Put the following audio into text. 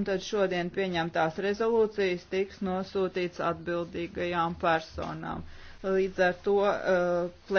un tad šodien pieņemtās rezolūcijas tiks nosūtīts atbildīgajām personām. Līdz ar to uh, plen